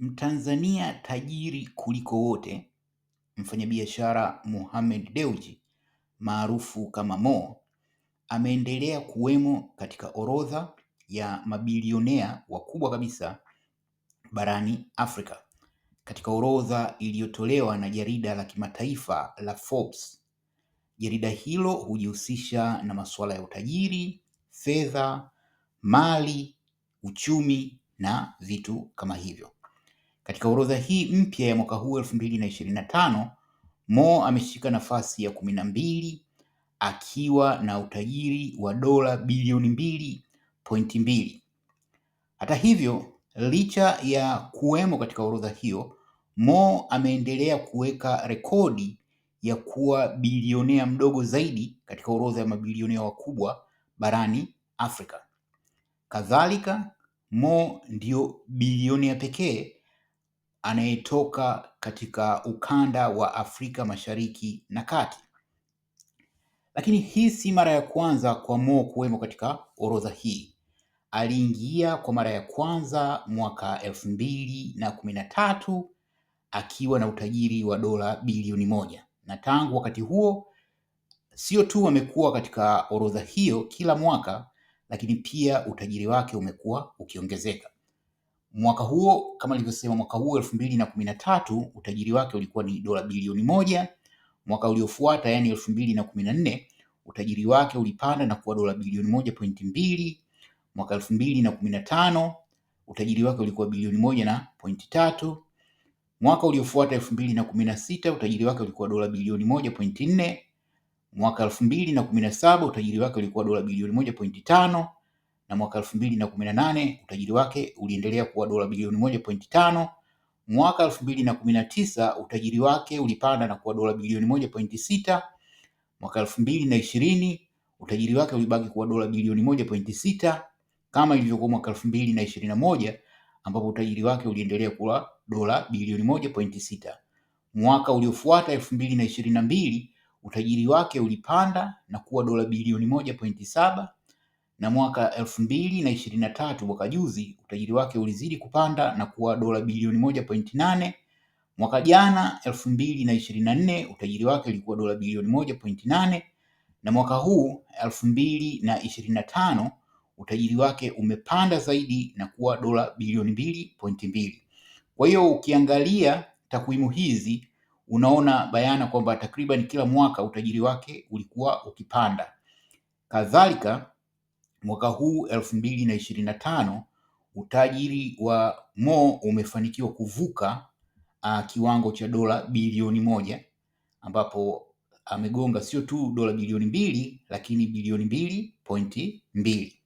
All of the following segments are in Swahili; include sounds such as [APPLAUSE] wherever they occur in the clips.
Mtanzania tajiri kuliko wote, mfanyabiashara Mohammed Dewji maarufu kama Mo, ameendelea kuwemo katika orodha ya mabilionea wakubwa kabisa barani Afrika katika orodha iliyotolewa na jarida la kimataifa la Forbes. Jarida hilo hujihusisha na masuala ya utajiri, fedha, mali, uchumi na vitu kama hivyo. Katika orodha hii mpya ya mwaka huu 2025, Mo ameshika nafasi ya kumi na mbili akiwa na utajiri wa dola bilioni mbili pointi mbili. Hata hivyo, licha ya kuwemo katika orodha hiyo, Mo ameendelea kuweka rekodi ya kuwa bilionea mdogo zaidi katika orodha ya mabilionea wakubwa barani Afrika. Kadhalika, Mo ndio bilionea pekee anayetoka katika ukanda wa Afrika Mashariki na Kati. Lakini hii si mara ya kwanza kwa Mo kuwemo katika orodha hii. Aliingia kwa mara ya kwanza mwaka elfu mbili na kumi na tatu akiwa na utajiri wa dola bilioni moja na tangu wakati huo sio tu amekuwa katika orodha hiyo kila mwaka, lakini pia utajiri wake umekuwa ukiongezeka. Mwaka huo kama nilivyosema, mwaka huo elfu mbili na kumi na tatu utajiri wake ulikuwa ni dola bilioni moja. Mwaka uliofuata yani elfu mbili na kumi na nne utajiri wake ulipanda na kuwa dola bilioni moja pointi mbili. Mwaka elfu mbili na kumi na tano utajiri wake ulikuwa bilioni moja na pointi tatu. Mwaka uliofuata elfu mbili na kumi na sita utajiri wake ulikuwa dola bilioni moja pointi nne. Mwaka elfu mbili na kumi na saba utajiri wake ulikuwa dola bilioni moja pointi tano na mwaka elfu mbili na kumi na nane utajiri wake uliendelea kuwa dola bilioni moja pointi tano. Mwaka elfu mbili na kumi na tisa utajiri wake ulipanda na kuwa dola bilioni moja pointi sita. Mwaka elfu mbili na ishirini utajiri wake ulibaki kuwa dola bilioni moja pointi sita kama ilivyokuwa mwaka elfu mbili na ishirini na moja ambapo utajiri wake uliendelea kuwa dola bilioni moja pointi sita. Mwaka uliofuata elfu mbili na ishirini na mbili utajiri wake ulipanda na kuwa dola bilioni moja pointi saba na mwaka elfu mbili na ishirini na tatu mwaka juzi utajiri wake ulizidi kupanda na kuwa dola bilioni moja pointi nane. Mwaka jana elfu mbili na ishirini na nne utajiri wake ulikuwa dola bilioni moja pointi nane na mwaka huu elfu mbili na ishirini na tano utajiri wake umepanda zaidi na kuwa dola bilioni mbili pointi mbili. Kwa hiyo ukiangalia takwimu hizi unaona bayana kwamba takriban kila mwaka utajiri wake ulikuwa ukipanda. Kadhalika Mwaka huu elfu mbili na ishirini na tano utajiri wa Mo umefanikiwa kuvuka uh, kiwango cha dola bilioni moja ambapo amegonga sio tu dola bilioni mbili lakini bilioni mbili pointi mbili.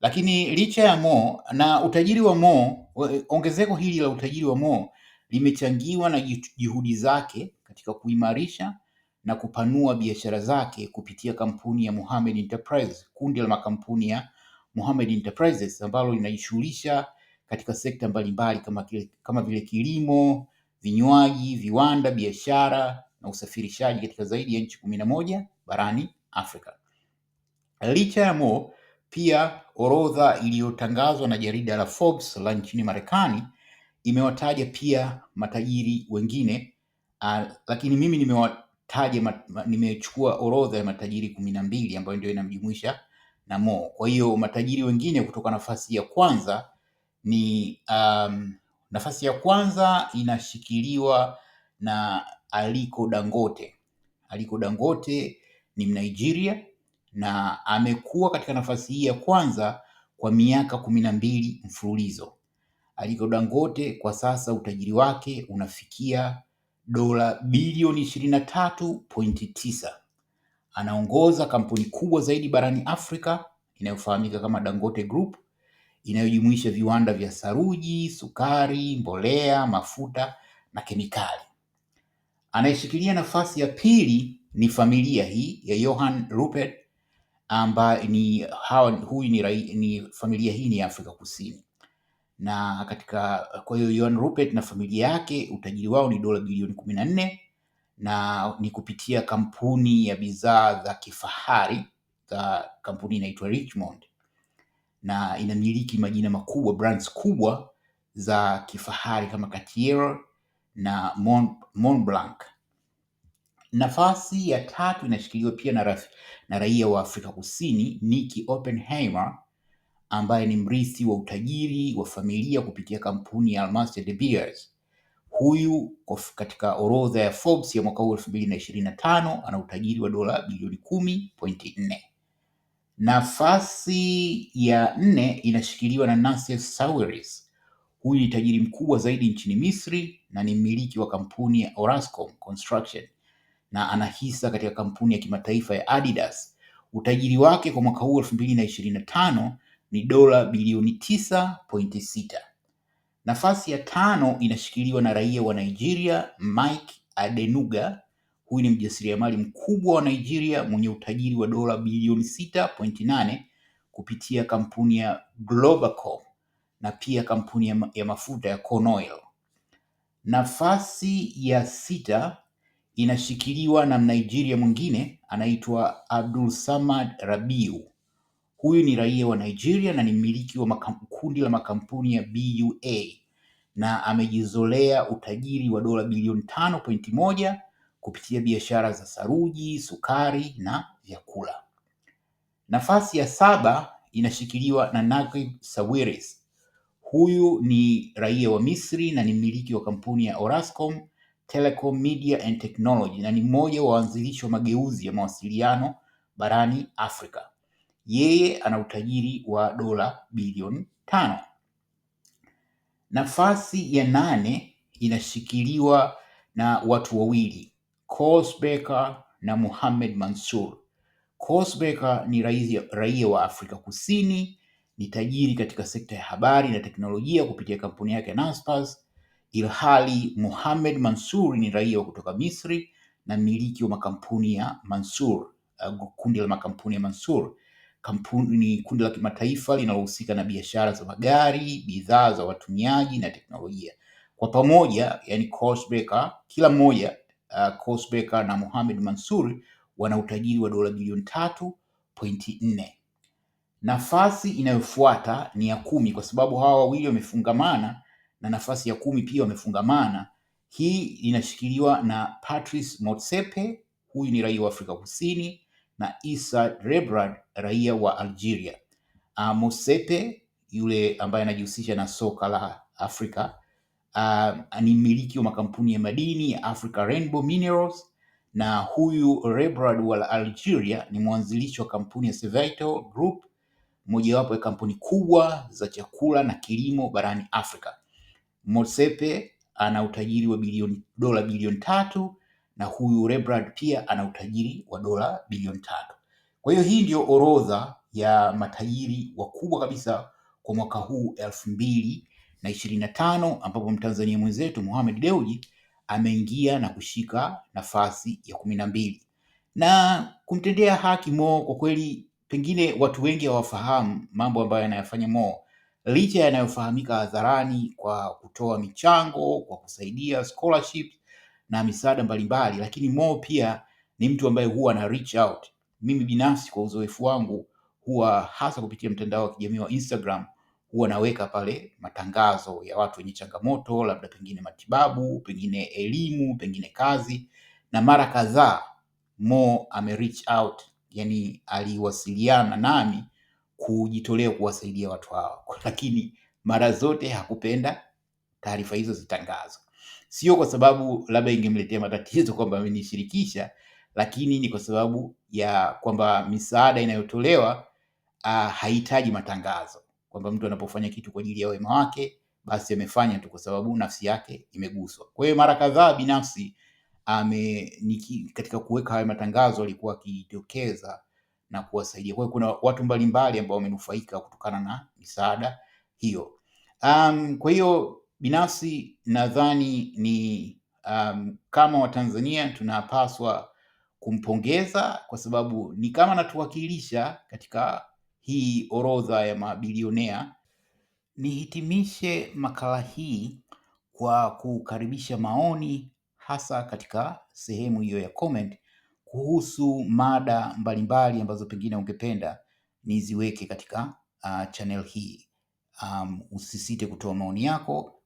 Lakini licha ya Mo na utajiri wa Mo, ongezeko hili la utajiri wa Mo limechangiwa na juhudi zake katika kuimarisha na kupanua biashara zake kupitia kampuni ya Mohamed Enterprise, kundi la makampuni ya Mohamed Enterprises ambalo linajishughulisha katika sekta mbalimbali kama, kama vile kilimo, vinywaji, viwanda, biashara na usafirishaji katika zaidi ya nchi kumi na moja barani Afrika. Licha ya Mo, pia orodha iliyotangazwa na jarida la Forbes la nchini Marekani imewataja pia matajiri wengine uh, lakini mimi nimewa nimetaja ma, nimechukua orodha ya matajiri kumi na mbili ambayo ndio inamjumuisha na Mo. Kwa hiyo matajiri wengine kutoka nafasi ya kwanza ni um, nafasi ya kwanza inashikiliwa na Aliko Dangote. Aliko Dangote ni Mnigeria na amekuwa katika nafasi hii ya kwanza kwa miaka kumi na mbili mfululizo. Aliko Dangote kwa sasa utajiri wake unafikia dola bilioni 23.9. Anaongoza kampuni kubwa zaidi barani Afrika inayofahamika kama Dangote Group inayojumuisha viwanda vya saruji, sukari, mbolea, mafuta na kemikali. Anayeshikilia nafasi ya pili ni familia hii ya Johan Rupert ambaye ni hawa, huyu ni, ni familia hii ni Afrika Kusini na katika kwa hiyo Johan Rupert na familia yake utajiri wao ni dola bilioni kumi na nne na ni kupitia kampuni ya bidhaa za kifahari za kampuni inaitwa Richmond na inamiliki majina makubwa, brands kubwa za kifahari kama Cartier na Montblanc. Nafasi ya tatu inashikiliwa pia na, na raia wa Afrika Kusini Nikki Oppenheimer ambaye ni mrithi wa utajiri wa familia kupitia kampuni ya almasi De Beers. Huyu katika orodha ya Forbes ya mwaka huu elfu mbili na ishirini na tano ana utajiri wa dola bilioni kumi pointi nne. Nafasi ya nne inashikiliwa na Nassef Sawiris. Huyu ni tajiri mkubwa zaidi nchini Misri na ni mmiliki wa kampuni ya Orascom Construction na ana hisa katika kampuni ya kimataifa ya Adidas. Utajiri wake kwa mwaka huu elfu mbili na ishirini na tano ni dola bilioni sita. Nafasi ya tano inashikiliwa na raia wa Nigeria Mike Adenuga. Huyu ni mjasiriamali mkubwa wa Nigeria mwenye utajiri wa dola bilioni nane kupitia kampuni ya Globacom na pia kampuni ya mafuta ya Conoil. Nafasi ya sita inashikiliwa na Mnigeria mwingine anaitwa Abdul Samad Rabiu. Huyu ni raia wa Nigeria na ni mmiliki wa kundi la makampuni ya BUA na amejizolea utajiri wa dola bilioni tano pointi moja kupitia biashara za saruji, sukari na vyakula. Nafasi ya saba inashikiliwa na Naguib Sawiris. Huyu ni raia wa Misri na ni mmiliki wa kampuni ya Orascom Telecom Media and Technology na ni mmoja wa waanzilishi wa mageuzi ya mawasiliano barani Afrika. Yeye ana utajiri wa dola bilioni tano. Nafasi ya nane inashikiliwa na watu wawili, Kosbeka na Mohamed Mansour. Kosbeka ni raia wa Afrika Kusini, ni tajiri katika sekta ya habari na teknolojia kupitia kampuni yake Naspers, ilhali Mohamed Mansour ni raia wa kutoka Misri na mmiliki wa makampuni ya Mansour, uh, kundi la makampuni ya Mansour. Kampuni kundi la kimataifa linalohusika na biashara za magari, bidhaa za watumiaji na teknolojia. Kwa pamoja, yani Coast kila mmoja uh, na Mohamed Mansur wana utajiri wa dola bilioni tatu pointi nne. Nafasi inayofuata ni ya kumi kwa sababu hawa wawili wamefungamana na nafasi ya kumi pia wamefungamana. Hii inashikiliwa na Patrice Motsepe, huyu ni raia wa Afrika Kusini na Issa Rebrand raia wa Algeria. Uh, ah, Mosepe yule ambaye anajihusisha na soka la Afrika uh, ni mmiliki wa makampuni ya madini ya Africa Rainbow Minerals na huyu Rebrand wa Algeria ni mwanzilishi wa kampuni ya Sevito Group, mojawapo ya kampuni kubwa za chakula na kilimo barani Afrika. Mosepe ana utajiri wa bilioni dola bilioni tatu na huyu Rebrand pia ana utajiri wa dola bilioni tatu. Kwa hiyo hii ndio orodha ya matajiri wakubwa kabisa kwa mwaka huu elfu mbili na ishirini na tano ambapo Mtanzania mwenzetu Mohamed Dewji ameingia na kushika nafasi ya kumi na mbili na kumtendea haki Mo. Kwa kweli, pengine watu wengi hawafahamu mambo ambayo anayofanya Mo, licha yanayofahamika hadharani kwa kutoa michango, kwa kusaidia scholarship na misaada mbalimbali, lakini Mo pia ni mtu ambaye huwa ana reach out. Mimi binafsi kwa uzoefu wangu huwa hasa kupitia mtandao wa kijamii wa Instagram huwa naweka pale matangazo ya watu wenye changamoto, labda pengine matibabu, pengine elimu, pengine kazi, na mara kadhaa Mo ame reach out, yani aliwasiliana nami kujitolea kuwasaidia watu hawa [LAUGHS] lakini mara zote hakupenda taarifa hizo zitangazwe sio kwa sababu labda ingemletea matatizo kwamba amenishirikisha, lakini ni kwa sababu ya kwamba misaada inayotolewa uh, ah, hahitaji matangazo, kwamba mtu anapofanya kitu kwa ajili ya wema wake basi amefanya tu kwa sababu nafsi yake imeguswa. Kwa hiyo mara kadhaa binafsi ame ah, niki, katika kuweka haya matangazo alikuwa akijitokeza na kuwasaidia. Kwa hiyo kuna watu mbalimbali ambao wamenufaika kutokana na misaada hiyo. Um, kwa hiyo Binafsi nadhani ni um, kama Watanzania tunapaswa kumpongeza kwa sababu ni kama anatuwakilisha katika hii orodha ya mabilionea. Nihitimishe makala hii kwa kukaribisha maoni, hasa katika sehemu hiyo ya comment kuhusu mada mbalimbali ambazo pengine ungependa niziweke katika uh, channel hii. Um, usisite kutoa maoni yako